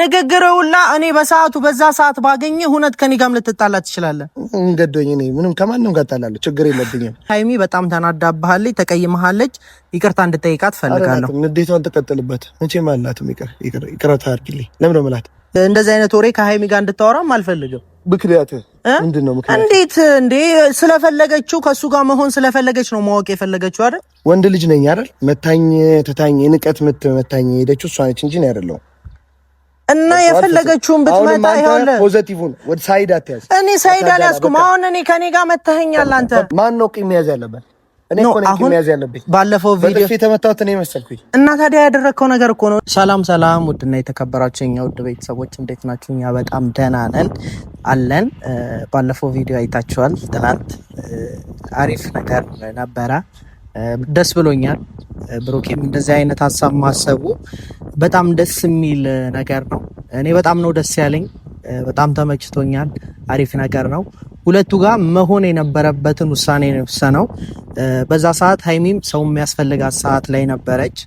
ንግግርውላ እኔ በሰዓቱ በዛ ሰዓት ባገኘ እውነት ከኔ ጋም ልትጣላ ትችላለህ። እንገዶኝ እኔ ምንም ከማንም ጋር እጣላለሁ፣ ችግር የለብኝም። ሀይሚ በጣም ተናዳብሃለች፣ ተቀይመሃለች። ይቅርታ እንድጠይቃት እፈልጋለሁ። ንዴቷን ትቀጥልበት መቼም አላትም። ይቅርታ አድርጊልኝ። ለምን ነው የምላት? እንደዚህ አይነት ወሬ ከሀይሚ ጋር እንድታወራም አልፈልግም። ምክንያት ምንድን ነው? እንዴት እንዴ? ስለፈለገችው ከእሱ ጋር መሆን ስለፈለገች ነው ማወቅ የፈለገችው አይደል? ወንድ ልጅ ነኝ አይደል? መታኝ ትታኝ፣ ንቀት ምት መታኝ ሄደችው እሷ ነች እንጂ ነው ያደለው እና የፈለገችውን ብትመጣ ይሆን ፖዘቲቭን ወደ ሳይድ አትያዝ። እኔ ሳይድ አልያዝኩም። አሁን እኔ ከኔ ጋር መተኸኛል። አንተ ማን ነው ቂም መያዝ ያለበት? እኔ እኮ ነኝ ቂም መያዝ ያለብኝ። ባለፈው ቪዲዮ የተመታሁት እኔ መሰልኩኝ። እና ታዲያ ያደረግከው ነገር እኮ ነው። ሰላም ሰላም፣ ውድና የተከበራችሁ የኛ ውድ ቤተሰቦች እንዴት ናችሁ? እኛ በጣም ደህና ነን አለን። ባለፈው ቪዲዮ አይታችኋል። ትናንት አሪፍ ነገር ነበረ። ደስ ብሎኛል። ብሩኬም እንደዚህ አይነት ሀሳብ ማሰቡ በጣም ደስ የሚል ነገር ነው። እኔ በጣም ነው ደስ ያለኝ፣ በጣም ተመችቶኛል። አሪፍ ነገር ነው። ሁለቱ ጋር መሆን የነበረበትን ውሳኔ ነው የወሰነው። በዛ ሰዓት ሀይሚም ሰው የሚያስፈልጋት ሰዓት ላይ ነበረች።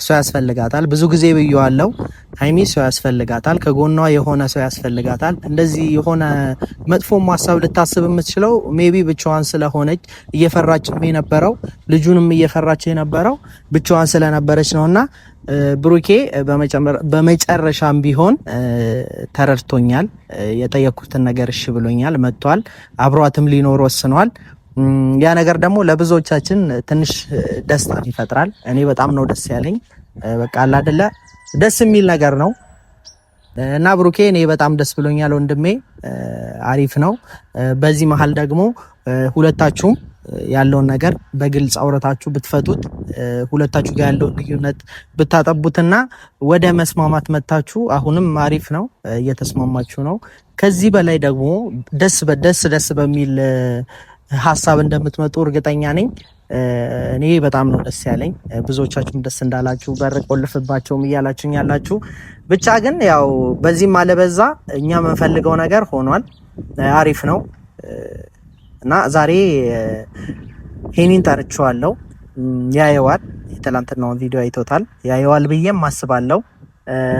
እሷ ያስፈልጋታል። ብዙ ጊዜ ብየዋለው። ሀይሚ ሰው ያስፈልጋታል፣ ከጎኗ የሆነ ሰው ያስፈልጋታል። እንደዚህ የሆነ መጥፎ ማሳብ ልታስብ የምትችለው ሜቢ ብቻዋን ስለሆነች እየፈራች የነበረው ልጁንም እየፈራች የነበረው ብቻዋን ስለነበረች ነው እና ብሩኬ በመጨረሻም ቢሆን ተረድቶኛል። የጠየኩትን ነገር እሺ ብሎኛል። መጥቷል። አብሯትም ሊኖር ወስኗል። ያ ነገር ደግሞ ለብዙዎቻችን ትንሽ ደስታ ይፈጥራል። እኔ በጣም ነው ደስ ያለኝ። በቃ አላደለ ደስ የሚል ነገር ነው እና ብሩኬ እኔ በጣም ደስ ብሎኛል ወንድሜ። አሪፍ ነው። በዚህ መሀል ደግሞ ሁለታችሁም ያለውን ነገር በግልጽ አውረታችሁ ብትፈቱት ሁለታችሁ ጋር ያለውን ልዩነት ብታጠቡትና ወደ መስማማት መታችሁ አሁንም አሪፍ ነው፣ እየተስማማችሁ ነው። ከዚህ በላይ ደግሞ ደስ ደስ ደስ በሚል ሀሳብ እንደምትመጡ እርግጠኛ ነኝ። እኔ በጣም ነው ደስ ያለኝ። ብዙዎቻችሁም ደስ እንዳላችሁ በር ቆልፍባቸውም እያላችሁኝ ያላችሁ ብቻ ግን ያው በዚህም አለበዛ እኛ የምንፈልገው ነገር ሆኗል። አሪፍ ነው እና ዛሬ ሄኒን ጠርቼዋለሁ። ያየዋል፣ የትላንትናውን ቪዲዮ አይቶታል። ያየዋል ብዬም አስባለሁ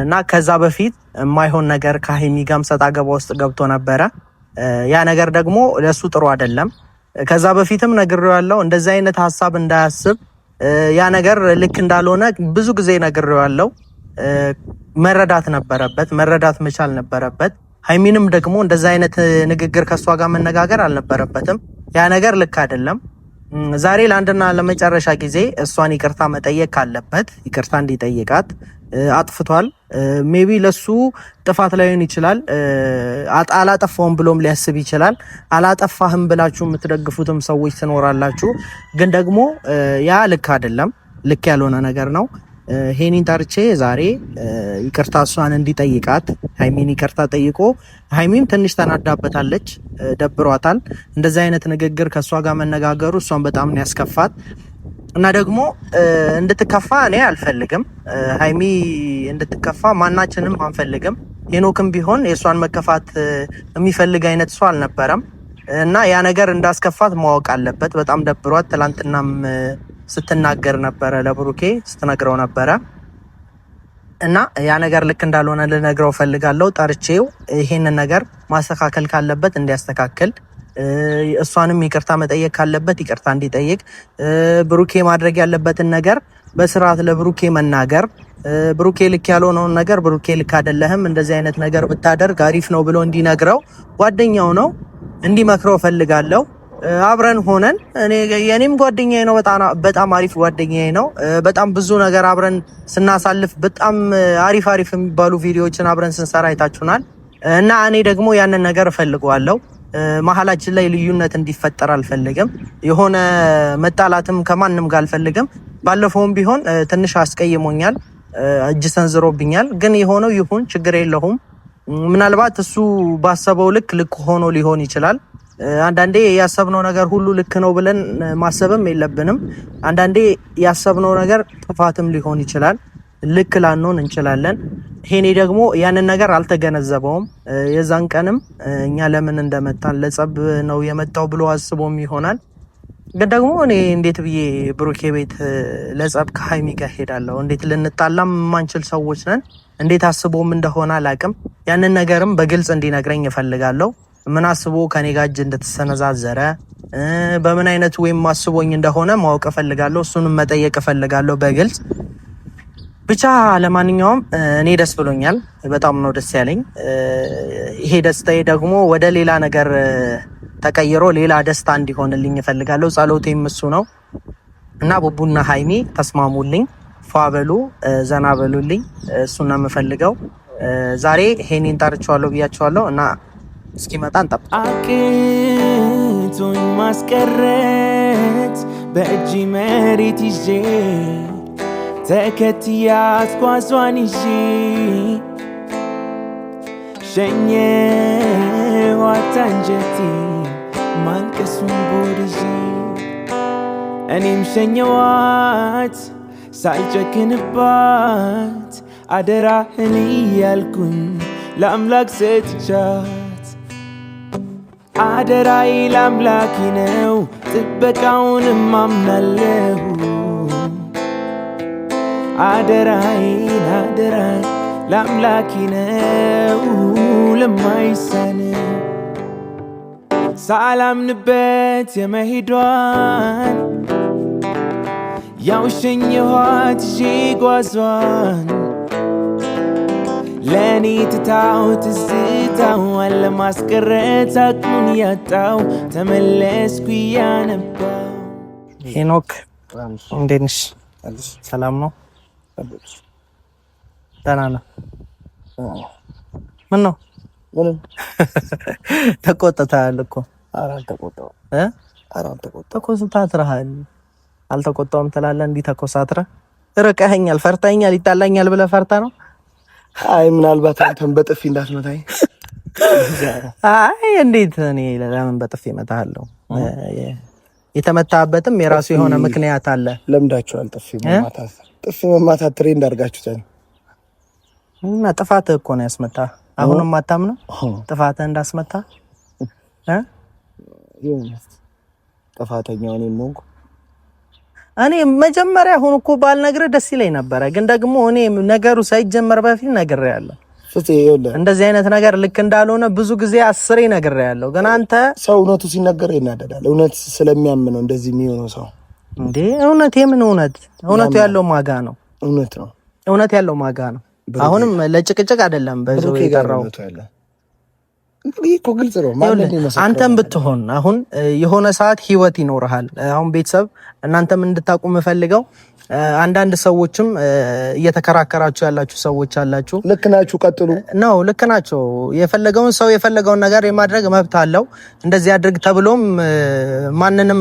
እና ከዛ በፊት የማይሆን ነገር ከሄኒ ጋርም ሰጣ ገባ ውስጥ ገብቶ ነበረ። ያ ነገር ደግሞ ለእሱ ጥሩ አይደለም። ከዛ በፊትም ነግሬዋለሁ፣ እንደዚህ አይነት ሀሳብ እንዳያስብ ያ ነገር ልክ እንዳልሆነ ብዙ ጊዜ ነግሬዋለሁ። መረዳት ነበረበት፣ መረዳት መቻል ነበረበት። ሀይሚንም ደግሞ እንደዛ አይነት ንግግር ከእሷ ጋር መነጋገር አልነበረበትም። ያ ነገር ልክ አይደለም። ዛሬ ለአንድና ለመጨረሻ ጊዜ እሷን ይቅርታ መጠየቅ ካለበት ይቅርታ እንዲጠይቃት አጥፍቷል። ሜቢ ለሱ ጥፋት ላይሆን ይችላል። አላጠፋውም ብሎም ሊያስብ ይችላል። አላጠፋህም ብላችሁ የምትደግፉትም ሰዎች ትኖራላችሁ። ግን ደግሞ ያ ልክ አይደለም፣ ልክ ያልሆነ ነገር ነው። ሄኒን ጠርቼ ዛሬ ይቅርታ እሷን እንዲጠይቃት ሀይሚን ይቅርታ ጠይቆ፣ ሀይሚም ትንሽ ተናዳበታለች፣ ደብሯታል። እንደዚህ አይነት ንግግር ከእሷ ጋር መነጋገሩ እሷን በጣም ያስከፋት። እና ደግሞ እንድትከፋ እኔ አልፈልግም። ሀይሚ እንድትከፋ ማናችንም አንፈልግም። ሄኖክም ቢሆን የእሷን መከፋት የሚፈልግ አይነት ሰው አልነበረም እና ያ ነገር እንዳስከፋት ማወቅ አለበት። በጣም ደብሯት፣ ትላንትናም ስትናገር ነበረ፣ ለብሩኬ ስትነግረው ነበረ እና ያ ነገር ልክ እንዳልሆነ ልነግረው ፈልጋለሁ። ጠርቼው ይሄንን ነገር ማስተካከል ካለበት እንዲያስተካክል እሷንም ይቅርታ መጠየቅ ካለበት ይቅርታ እንዲጠይቅ፣ ብሩኬ ማድረግ ያለበትን ነገር በስርዓት ለብሩኬ መናገር፣ ብሩኬ ልክ ያልሆነውን ነገር ብሩኬ ልክ አይደለህም፣ እንደዚህ አይነት ነገር ብታደርግ አሪፍ ነው ብሎ እንዲነግረው፣ ጓደኛው ነው እንዲመክረው እፈልጋለሁ። አብረን ሆነን የኔም ጓደኛዬ ነው። በጣም አሪፍ ጓደኛዬ ነው። በጣም ብዙ ነገር አብረን ስናሳልፍ በጣም አሪፍ አሪፍ የሚባሉ ቪዲዮዎችን አብረን ስንሰራ አይታችሁናል። እና እኔ ደግሞ ያንን ነገር እፈልገዋለሁ። መሀላችን ላይ ልዩነት እንዲፈጠር አልፈልግም የሆነ መጣላትም ከማንም ጋር አልፈልግም ባለፈውም ቢሆን ትንሽ አስቀይሞኛል፣ እጅ ሰንዝሮብኛል። ግን የሆነው ይሁን ችግር የለውም። ምናልባት እሱ ባሰበው ልክ ልክ ሆኖ ሊሆን ይችላል። አንዳንዴ ያሰብነው ነገር ሁሉ ልክ ነው ብለን ማሰብም የለብንም። አንዳንዴ ያሰብነው ነገር ጥፋትም ሊሆን ይችላል። ልክ ላንሆን እንችላለን። ሄኔ ደግሞ ያንን ነገር አልተገነዘበውም። የዛን ቀንም እኛ ለምን እንደመጣን ለጸብ ነው የመጣው ብሎ አስቦም ይሆናል። ግን ደግሞ እኔ እንዴት ብዬ ብሩኬ ቤት ለጸብ ከሀይሚ ጋር ሄዳለሁ? እንዴት ልንጣላም የማንችል ሰዎች ነን። እንዴት አስቦም እንደሆነ አላቅም። ያንን ነገርም በግልጽ እንዲነግረኝ እፈልጋለሁ። ምን አስቦ ከኔ ጋር እጅ እንደተሰነዛዘረ በምን አይነት ወይም አስቦኝ እንደሆነ ማወቅ እፈልጋለሁ። እሱንም መጠየቅ እፈልጋለሁ በግልጽ ብቻ ለማንኛውም እኔ ደስ ብሎኛል። በጣም ነው ደስ ያለኝ። ይሄ ደስታዬ ደግሞ ወደ ሌላ ነገር ተቀይሮ ሌላ ደስታ እንዲሆንልኝ እፈልጋለሁ። ጸሎቴም እሱ ነው እና ቡቡና ሀይሚ ተስማሙልኝ፣ ፏበሉ፣ ዘና በሉልኝ። እሱና የምፈልገው ዛሬ ሄኔን ጠርቼዋለሁ ብያቸዋለሁ እና እስኪመጣ እንጠብቅ። አቅቶኝ ማስቀረት በእጅ መሬት ይዤ ተከትያት ኳሷን ይዤ ሸኘኋት አንጀቴን ማልቀሱን ቦርዤ እኔም ሸኘኋት ሳልጨክንባት አደራ እኔ እያልኩኝ ለአምላክ ሰጥቻት አደራዬ ለአምላኬ ነው ጥበቃውንም አምናለሁ አደራይን አደራይ ለአምላኪ ነው ለማይሳን ሳላምንበት የመሄዷን ያው ሸኘኋት ይዤ ጓዟን ለእኔ ትታው ትዝታዋን ለማስቀረት አቅሙን ያጣው ተመለስኩ እያነባ ሄኖክ እንዴት ነሽ? ሰላም ነው? ደህና ነው። ምን ነው ተቆጥተሃል እኮ? ኧረ አልተቆጣሁም እ ኧረ አልተቆጣሁም። ተኮሳትረሃል። አልተቆጣሁም ትላለህ እንዲህ ተኮሳትረህ። ርቀኸኛል፣ ፈርተኸኛል፣ ይጣላኛል ብለህ ፈርተህ ነው። አይ ምናልባት አንተን በጥፊ እንዳትመታኝ። አይ እንዴት እኔ ለምን በጥፊ እመታሃለሁ? የተመታበትም የራሱ የሆነ ምክንያት አለ። ለምዳችኋል። ጥፊ መማታት ጥፊ መማታት ትሬንድ አድርጋችሁታል እና ጥፋት እኮ ነው ያስመታ። አሁንም ማታም አታምነው ጥፋትህ እንዳስመታ ጥፋተኛ እኔ ሞንኩ። እኔ መጀመሪያ አሁን እኮ ባልነግርህ ደስ ይለኝ ነበረ፣ ግን ደግሞ እኔ ነገሩ ሳይጀመር በፊት ነግሬሃለሁ እንደዚህ አይነት ነገር ልክ እንዳልሆነ ብዙ ጊዜ አስሬ ያለው ግን አንተ ሰው እውነቱ ሲነገር ይናደዳል። እውነት ስለሚያምነው እንደዚህ የሚሆነው ሰው እንዴ! እውነት የምን እውነት? እውነቱ ያለው ማጋ ነው። እውነት ነው። እውነት ያለው ማጋ ነው። አሁንም ለጭቅጭቅ አይደለም። የጠራው አንተም ብትሆን አሁን የሆነ ሰዓት ህይወት ይኖርሃል። አሁን ቤተሰብ እናንተም እንድታቁ የምፈልገው አንዳንድ ሰዎችም እየተከራከራችሁ ያላችሁ ሰዎች አላችሁ። ልክ ናችሁ፣ ቀጥሉ ነው። ልክ ናቸው። የፈለገውን ሰው የፈለገውን ነገር የማድረግ መብት አለው። እንደዚህ አድርግ ተብሎም ማንንም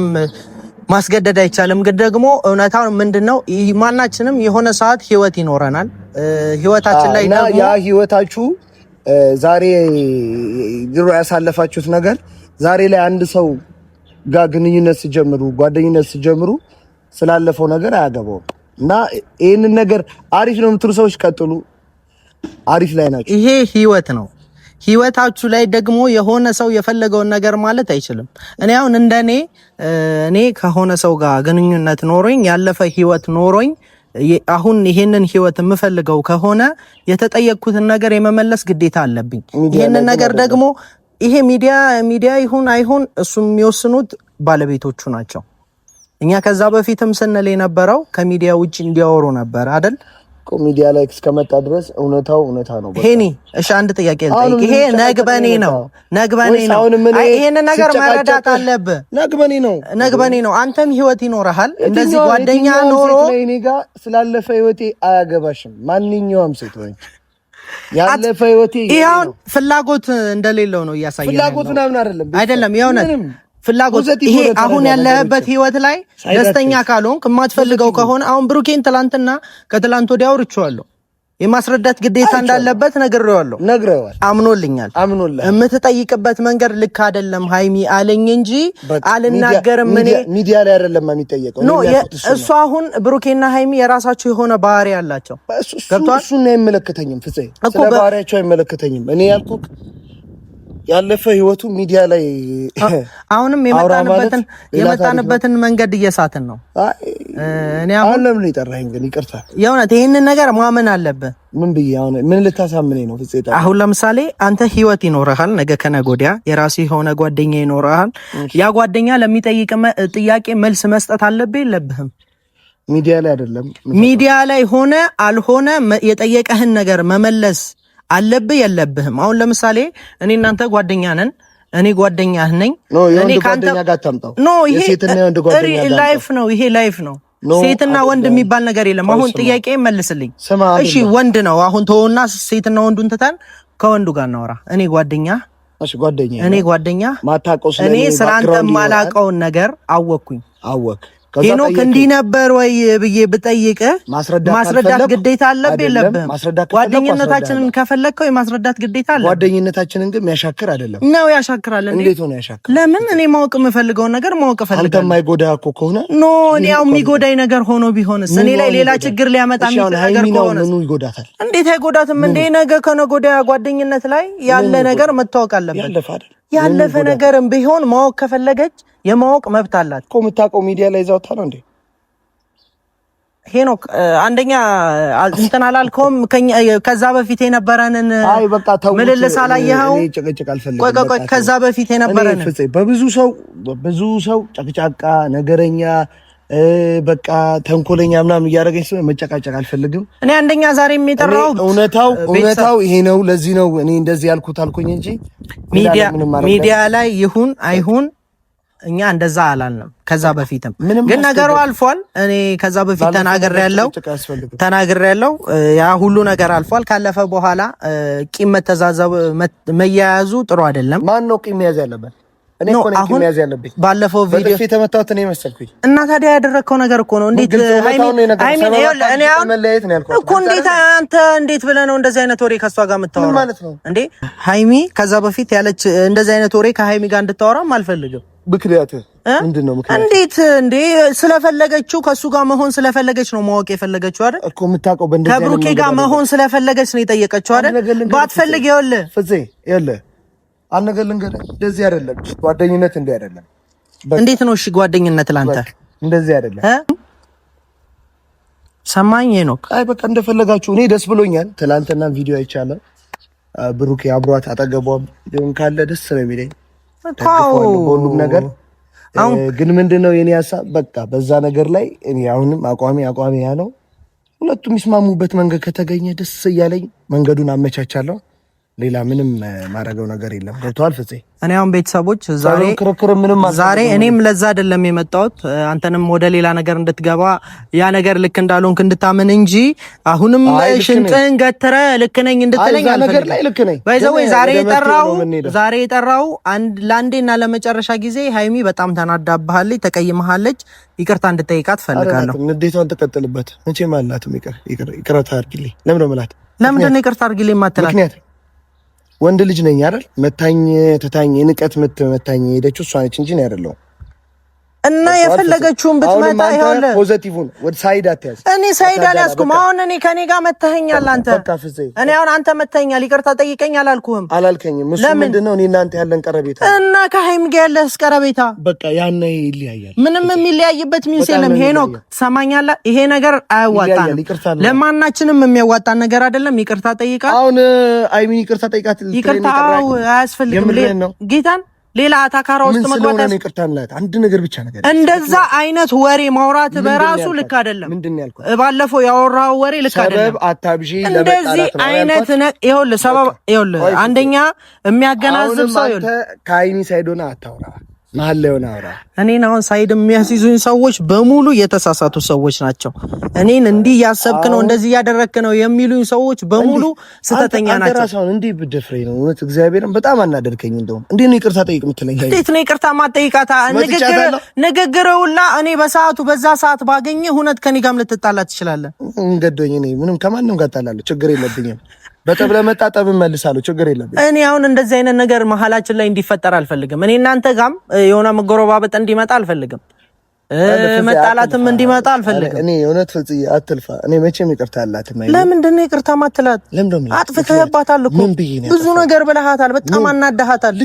ማስገደድ አይቻልም። ግን ደግሞ እውነታ ምንድን ነው፣ ማናችንም የሆነ ሰዓት ህይወት ይኖረናል። ህይወታችን ላይ ያ ህይወታችሁ ዛሬ ድሮ ያሳለፋችሁት ነገር ዛሬ ላይ አንድ ሰው ጋር ግንኙነት ሲጀምሩ ጓደኝነት ሲጀምሩ ስላለፈው ነገር አያገባውም። እና ይህንን ነገር አሪፍ ነው የምትሉ ሰዎች ቀጥሉ፣ አሪፍ ላይ ናቸው። ይሄ ህይወት ነው። ህይወታችሁ ላይ ደግሞ የሆነ ሰው የፈለገውን ነገር ማለት አይችልም። እኔ አሁን እንደኔ እኔ ከሆነ ሰው ጋር ግንኙነት ኖሮኝ ያለፈ ህይወት ኖሮኝ አሁን ይሄንን ህይወት የምፈልገው ከሆነ የተጠየቅኩትን ነገር የመመለስ ግዴታ አለብኝ። ይሄንን ነገር ደግሞ ይሄ ሚዲያ ሚዲያ ይሁን አይሁን እሱ የሚወስኑት ባለቤቶቹ ናቸው። እኛ ከዛ በፊትም ስንል የነበረው ከሚዲያ ውጭ እንዲያወሩ ነበር አደል? ሚዲያ ላይ እስከመጣ ድረስ እውነታው እውነታ ነው። ሄኒ እሺ፣ አንድ ጥያቄ ልጠይቅ። ይሄ ነግበኔ ነው ነግበኔ ነው። ይሄን ነገር መረዳት አለብ። ነግበኔ ነው ነግበኔ ነው። አንተም ህይወት ይኖረሃል። እንደዚህ ጓደኛ ኖሮ እኔ ጋር ስላለፈ ህይወቴ አያገባሽም። ማንኛውም ሴት ወይ ያለፈ ህይወቴ ይሁን ፍላጎት እንደሌለው ነው እያሳየ ፍላጎት ምናምን አይደለም አይደለም የእውነት ፍላጎት ይሄ አሁን ያለህበት ህይወት ላይ ደስተኛ ካልሆንክ የማትፈልገው ከሆነ አሁን ብሩኬን ትላንትና ከትላንት ወዲያ አውርቼዋለሁ። የማስረዳት ግዴታ እንዳለበት ነግሬዋለሁ። ነግሬዋል፣ አምኖልኛል። የምትጠይቅበት መንገድ ልክ አይደለም ሃይሚ አለኝ እንጂ አልናገርም። እኔ ሚዲያ ላይ አይደለም የሚጠየቀው። እሱ አሁን ብሩኬና ሃይሚ የራሳቸው የሆነ ባህሪ አላቸው። ገብቷል። እሱን አይመለከተኝም፣ ፍፄ። ስለ ባህሪያቸው አይመለከተኝም። እኔ ያልኩህ ያለፈ ህይወቱ ሚዲያ ላይ አሁንም የመጣንበትን የመጣንበትን መንገድ እየሳትን ነው። እኔ አሁን ለምን የጠራኸኝ ግን? ይቅርታ የእውነት ይህንን ነገር ማመን አለብህ። ምን ብዬ አሁን ምን ልታሳምነኝ ነው? አሁን ለምሳሌ አንተ ህይወት ይኖረሃል፣ ነገ ከነገ ወዲያ የራሱ የሆነ ጓደኛ ይኖረሃል። ያ ጓደኛ ለሚጠይቅ ጥያቄ መልስ መስጠት አለብህ የለብህም? ሚዲያ ላይ አይደለም ሚዲያ ላይ ሆነ አልሆነ የጠየቀህን ነገር መመለስ አለብህ የለብህም። አሁን ለምሳሌ እኔ እናንተ ጓደኛ ነን፣ እኔ ጓደኛህ ነኝ። ላይፍ ነው ይሄ ላይፍ ነው። ሴትና ወንድ የሚባል ነገር የለም። አሁን ጥያቄ መልስልኝ። እሺ ወንድ ነው አሁን ተወውና፣ ሴትና ወንዱን ትተን ከወንዱ ጋር እናወራ። እኔ ጓደኛ እኔ ጓደኛ እኔ ስለ አንተ የማላውቀውን ነገር አወቅኩኝ አወቅ ሄኖክ እንዲህ ነበር ወይ ብዬ ብጠይቀ ማስረዳት ግዴታ አለብ የለብህም? ጓደኝነታችንን ከፈለግከው የማስረዳት ግዴታ አለ። ጓደኝነታችንን ግን የሚያሻክር አይደለም ነው። ያሻክራል። እንዴት ሆነ ያሻክር? ለምን እኔ ማወቅ የምፈልገውን ነገር ማወቅ እፈልጋለሁ። አንተ የማይጎዳ እኮ ከሆነ ኖ እኔ ያው የሚጎዳኝ ነገር ሆኖ ቢሆንስ እኔ ላይ ሌላ ችግር ሊያመጣ የሚችል ነገር ከሆነስ ይጎዳታል። እንዴት አይጎዳትም? እንደ ነገ ከነገ ጓደኝነት ላይ ያለ ነገር መታወቅ አለበት። ያለፈ ነገርም ቢሆን ማወቅ ከፈለገች የማወቅ መብት አላት እኮ። የምታውቀው ሚዲያ ላይ ዛውታ ነው እንዴ ሄኖክ? አንደኛ እንትን አላልከውም። ከዛ በፊት የነበረንን አይ በቃ ተው፣ ምልልስ አላየኸውም? ከዛ በፊት የነበረንን በብዙ ሰው በብዙ ሰው ጨቅጫቃ ነገረኛ በቃ ተንኮለኛ ምናምን እያደረገኝ ስለሆነ መጨቃጨቅ አልፈልግም። እኔ አንደኛ ዛሬ የሚጠራው እውነታው እውነታው ይሄ ነው። ለዚህ ነው እኔ እንደዚህ ያልኩት አልኩኝ እንጂ ሚዲያ ላይ ይሁን አይሁን እኛ እንደዛ አላልንም። ከዛ በፊትም ግን ነገሩ አልፏል። እኔ ከዛ በፊት ተናገር ያለው ተናገር ያለው ያ ሁሉ ነገር አልፏል። ካለፈ በኋላ ቂም መተዛዘብ መያያዙ ጥሩ አይደለም። ማን ነው ቂም መያዝ ያለበት? ባለፈው ቪዲዮ የተመታሁት እኔ መሰልኩኝ እና ታዲያ ያደረግከው ነገር እኮ ነው። እንዴት አንተ እንዴት ብለህ ነው እንደዚህ አይነት ወሬ ከሷ ጋር የምታወራው ማለት ነው እንዴ? ሀይሚ ከዛ በፊት ያለች እንደዚህ አይነት ወሬ ከሀይሚ ጋር እንድታወራም አልፈልግም። ምክንያት ምንድን ነው? እንዴት እንዴ? ስለፈለገችው ከእሱ ጋር መሆን ስለፈለገች ነው ማወቅ የፈለገችው አይደል እኮ የምታውቀው። ከብሩኬ ጋር መሆን ስለፈለገች ነው የጠየቀችው አይደል? ባትፈልግ ይኸውልህ አንድ ነገር ልንገርህ፣ እንደዚህ አይደለም ጓደኝነት፣ እንዲህ አይደለም። እንዴት ነው እሺ? ጓደኝነት ላንተ እንደዚህ አይደለም። ሰማኝ ሄኖክ። አይ በቃ እንደፈለጋችሁ። እኔ ደስ ብሎኛል። ትናንትና ቪዲዮ አይቻለሁ። ብሩኬ አብሯት አጠገቧም ሊሆን ካለ ደስ ነው የሚለኝ ሁሉም ነገር። ግን ምንድን ነው የኔ ሀሳብ፣ በቃ በዛ ነገር ላይ እኔ አሁንም አቋሚ አቋሚ ያ ነው። ሁለቱም የሚስማሙበት መንገድ ከተገኘ ደስ እያለኝ መንገዱን አመቻቻለሁ። ሌላ ምንም ማድረገው ነገር የለም። ገብቶሃል ፍፄ? እኔ አሁን ቤተሰቦች ዛሬ ክርክር ምንም ዛሬ እኔም ለዛ አይደለም የመጣሁት አንተንም ወደ ሌላ ነገር እንድትገባ ያ ነገር ልክ እንዳልሆንክ እንድታምን እንጂ አሁንም ሽንጥን ገትረ ልክ ነኝ እንድትለኝ አልፈልግም። ወይ ዛሬ የጠራው ዛሬ የጠራው ለአንዴና ለመጨረሻ ጊዜ ሀይሚ በጣም ተናዳብሃለች፣ ተቀይመሃለች። ይቅርታ እንድጠይቃት ፈልጋለሁ። ንዴቷን ተቀጥልበት መቼም አላትም። ይቅር ይቅርታ ምላት ለምንድን ነው ይቅርታ አድርጊልኝ የማትላት? ወንድ ልጅ ነኝ አይደል? መታኝ ትታኝ፣ የንቀት ምት መታኝ የሄደችው እሷ ነች እንጂ ነው ያደለው። እና የፈለገችውን ብትመጣ ይሆን ፖዘቲቭን ወደ ሳይድ አትያዝ። እኔ ሳይድ አልያዝኩም። አሁን እኔ ከኔ ጋር መተኸኛል አንተ። እኔ አሁን አንተ መተኸኛል፣ ይቅርታ ጠይቀኝ አላልኩህም? አላልከኝም። እሱ ምንድን ነው እኔ እናንተ ያለን ቀረቤታ እና ከሀይም ጋር ያለህስ ቀረቤታ በቃ ያነ ይለያያል። ምንም የሚለያይበት ሚንስ የለም። ሄኖክ ትሰማኛለህ? ይሄ ነገር አያዋጣም፣ ለማናችንም የሚያዋጣን ነገር አይደለም። ይቅርታ ጠይቃት። አሁን አይሚን ይቅርታ ጠይቃት። ይቅርታ አያስፈልግም ጌታን ሌላ አታካራ ውስጥ መግባት ምን ይቅርታላት። አንድ ነገር ብቻ ነገር እንደዛ አይነት ወሬ ማውራት በራሱ ልክ አይደለም። ያልኩት ባለፈው ያወራው ወሬ ልክ አይደለም። እንደዚህ አይነት ይኸውልህ፣ ሰበብ ይኸውልህ፣ አንደኛ የሚያገናዝብ ሰው ይኸውልህ፣ ከአይኒ ሳይዶና አታውራ መሀል ላይ ሆነ አውራ። እኔን አሁን ሳይድ የሚያስይዙኝ ሰዎች በሙሉ የተሳሳቱ ሰዎች ናቸው። እኔን እንዲህ እያሰብክ ነው እንደዚህ እያደረክ ነው የሚሉኝ ሰዎች በሙሉ ስተተኛ ናቸው። አንተ ራስህን እንዲህ ብትደፍረኝ ነው እውነት እግዚአብሔርን በጣም አናደርከኝ። እንደውም እንዴት ነው ይቅርታ ጠይቅ የምትለኝ? እንዴት ነው ይቅርታ ማጠይቃታ? ንግግር ንግግር ሁላ እኔ በሰዓቱ በዛ ሰዓት ባገኘ እውነት ከኔ ጋርም ልትጣላ ትችላለህ። እንገዶኝ እኔ ምንም ከማንም ጋር እጣላለሁ፣ ችግር የለብኝም በጠብለ መጣጠብ መልሳለሁ። ችግር የለም። እኔ አሁን እንደዚህ አይነት ነገር መሀላችን ላይ እንዲፈጠር አልፈልግም። እኔ እናንተ ጋም የሆነ መጎረባበጥ እንዲመጣ አልፈልግም። መጣላትም እንዲመጣ አልፈልግም። እኔ እውነት ፍጽዬ አትልፋ። እኔ መቼም ይቅርታ አላት። ለምንድን ነው ይቅርታ ማትላት? አጥፍተህባታል እኮ ብዙ ነገር ብለሃታል። በጣም አናዳሃታል።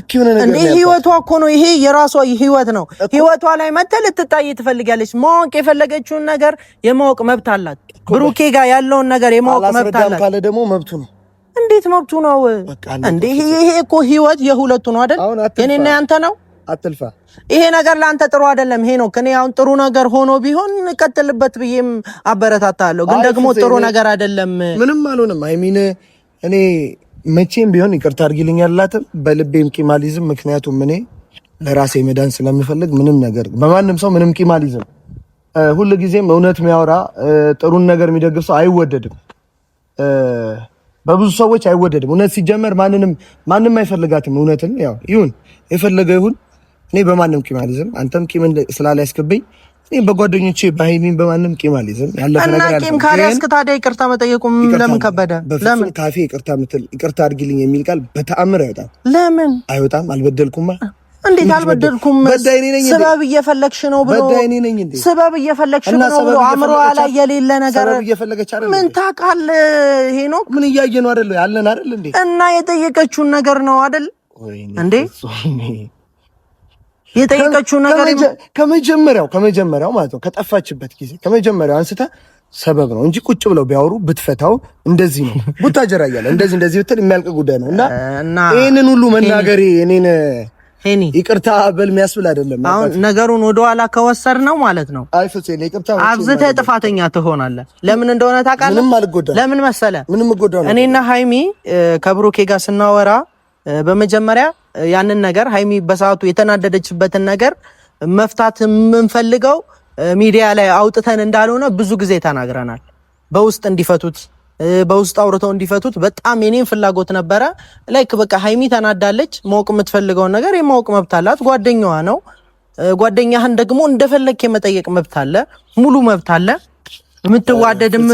እንደ ህይወቷ እኮ ነው ይሄ፣ የራሷ ህይወት ነው። ህይወቷ ላይ መተህ ልትጣይ ትፈልጊያለች። ማወቅ የፈለገችውን ነገር የማወቅ መብት አላት። ብሩኬ ጋር ያለውን ነገር የማወቅ መብት አላት። ካለ ደግሞ መብቱ ነው እንዴት መብቱ ነው እንዴ? ይሄ እኮ ህይወት የሁለቱ ነው አይደል? የኔና ያንተ ነው። አትልፋ። ይሄ ነገር ለአንተ ጥሩ አይደለም ነው እኔ አሁን ጥሩ ነገር ሆኖ ቢሆን ቀጥልበት ብዬም አበረታታለሁ፣ ግን ደግሞ ጥሩ ነገር አይደለም። ምንም አልሆንም። አይሚን እኔ መቼም ቢሆን ይቅርታ አድርጊልኝ አላትም በልቤም ቂም አልይዝም። ምክንያቱም እኔ ለራሴ መዳን ስለምፈልግ ምንም ነገር በማንም ሰው ምንም ቂም አልይዝም። ሁልጊዜም እውነት የሚያወራ ጥሩን ነገር የሚደግፍ ሰው አይወደድም። በብዙ ሰዎች አይወደድም። እውነት ሲጀመር ማንንም ማንም አይፈልጋትም። እውነትን ያው ይሁን የፈለገ ይሁን። እኔ በማንም ቂም አልይዝም። አንተም ቂም ስላላያስክብኝ እኔ በጓደኞቼ በሃይሚን በማንም ቂም አልይዝም። ያለፈ ነገር አለ እና ቂም ካልያዝክ ታዲያ ይቅርታ መጠየቁም ለምን ከበደ? ለምን ካፌ ይቅርታ ምትል ይቅርታ አድርጊልኝ የሚል ቃል በተአምር አይወጣም። ለምን አይወጣም? አልበደልኩማ እንዴት አልበደልኩም? ስበብ እየፈለግሽ ነው ብሎ ስበብ እየፈለግሽ ነው ብሎ አእምሮ ላይ የሌለ ነገር ምን ታውቃለህ ሄኖክ? ምን እያየ ነው አይደል ያለን አይደል እንዴ? እና የጠየቀችውን ነገር ነው አይደል እንዴ? የጠየቀችው ነገር ከመጀመሪያው ከመጀመሪያው ማለት ነው ከጠፋችበት ጊዜ ከመጀመሪያው አንስታ ሰበብ ነው እንጂ ቁጭ ብለው ቢያወሩ ብትፈታው እንደዚህ ነው ቡታጀራ እያለ እንደዚህ እንደዚህ ብትል የሚያልቅ ጉዳይ ነው እና ይህንን ሁሉ መናገሬ እኔን ሄኒ ይቅርታ በል የሚያስብል አይደለም። አሁን ነገሩን ወደኋላ ከወሰድ ነው ማለት ነው። አይ ፍፄ ይቅርታ፣ አብዝተህ ጥፋተኛ ትሆናለህ። ለምን እንደሆነ ታውቃለህ? ለምን መሰለህ? እኔና ሀይሚ ከብሩኬ ጋር ስናወራ በመጀመሪያ ያንን ነገር ሀይሚ በሰዓቱ የተናደደችበትን ነገር መፍታት የምንፈልገው ሚዲያ ላይ አውጥተን እንዳልሆነ ብዙ ጊዜ ተናግረናል። በውስጥ እንዲፈቱት በውስጥ አውርተው እንዲፈቱት በጣም የኔም ፍላጎት ነበረ። ላይክ በቃ ሀይሚ ተናዳለች። ማወቅ የምትፈልገውን ነገር የማወቅ መብት አላት። ጓደኛዋ ነው። ጓደኛህን ደግሞ እንደፈለግ የመጠየቅ መብት አለ፣ ሙሉ መብት አለ። የምትዋደድም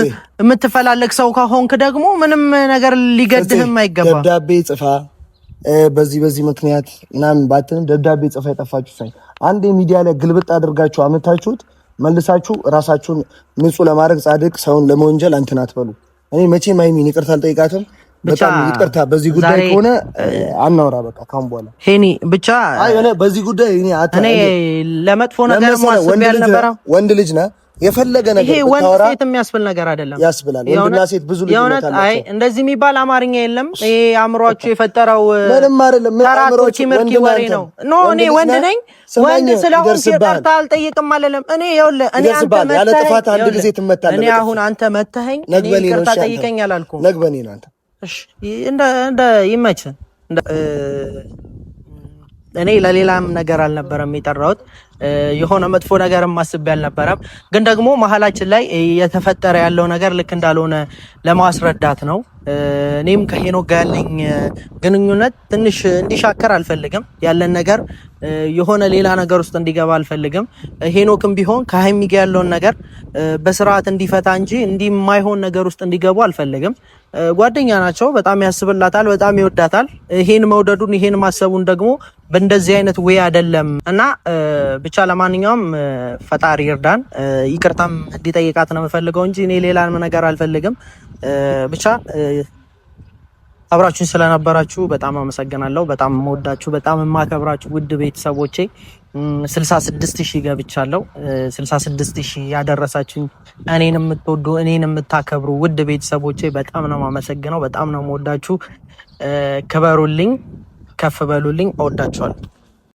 የምትፈላለግ ሰው ከሆንክ ደግሞ ምንም ነገር ሊገድህም አይገባ። ደብዳቤ ጽፋ በዚህ በዚህ ምክንያት ምናምን ባትን ደብዳቤ ጽፋ የጠፋችሁ ሳይ አንድ የሚዲያ ላይ ግልብጥ አድርጋችሁ አመታችሁት መልሳችሁ ራሳችሁን ንጹህ ለማድረግ ጻድቅ ሰውን ለመወንጀል እንትን አትበሉ። እኔ መቼም ሀይሚን ይቅርታ አልጠይቃትም። በጣም ይቅርታ። በዚህ ጉዳይ ከሆነ አናውራ በቃ ካሁን በኋላ ሄኒ ብቻ። አይ በዚህ ጉዳይ እኔ ለመጥፎ ነገር ማሰብ ያልነበረው ወንድ ልጅ ነህ የፈለገ ነገር ይሄ ወንድ ሴት የሚያስብል ነገር አይደለም፣ ያስብላል። ወንድና ሴት ብዙ ልዩነት አላቸው። አይ እንደዚህ የሚባል አማርኛ የለም። ይሄ አእምሯችሁ የፈጠረው ምንም አይደለም። ምን አእምሮች ምርኪ ወሬ ነው። ኖ እኔ ወንድ ነኝ፣ ወንድ ስለሆን ሲጠርታ አልጠይቅም አለለም። እኔ ይኸውልህ፣ እኔ አንተ መተህ ያለ ጥፋት አንድ ጊዜ ትመታለህ። እኔ አሁን አንተ መተኸኝ፣ እኔ ይቅርታ ጠይቀኝ አላልኩም። ነግበኔ ነው አንተ። እሺ እንደ እንደ ይመችህ። እኔ ለሌላም ነገር አልነበረም የጠራሁት የሆነ መጥፎ ነገር ማስብ ያልነበረም ግን ደግሞ መሀላችን ላይ የተፈጠረ ያለው ነገር ልክ እንዳልሆነ ለማስረዳት ነው። እኔም ከሄኖክ ጋር ያለኝ ግንኙነት ትንሽ እንዲሻከር አልፈልግም። ያለን ነገር የሆነ ሌላ ነገር ውስጥ እንዲገባ አልፈልግም። ሄኖክም ቢሆን ከሀይሚ ጋር ያለውን ነገር በስርዓት እንዲፈታ እንጂ እንዲህ የማይሆን ነገር ውስጥ እንዲገቡ አልፈልግም። ጓደኛ ናቸው። በጣም ያስብላታል፣ በጣም ይወዳታል። ይሄን መውደዱን ይሄን ማሰቡን ደግሞ በእንደዚህ አይነት ወይ አይደለም እና ብቻ ለማንኛውም ፈጣሪ እርዳን። ይቅርታም እንዲጠይቃት ነው የምፈልገው እንጂ እኔ ሌላ ነገር አልፈልግም ብቻ አብራችሁን ስለነበራችሁ በጣም አመሰግናለሁ። በጣም የምወዳችሁ በጣም የማከብራችሁ ውድ ቤተሰቦቼ 66 ሺህ ገብቻለሁ። 66 ሺህ ያደረሳችሁኝ እኔን የምትወዱ እኔን የምታከብሩ ውድ ቤተሰቦቼ በጣም ነው የማመሰግነው። በጣም ነው የምወዳችሁ። ክበሩልኝ፣ ከፍ በሉልኝ። እወዳችኋለሁ።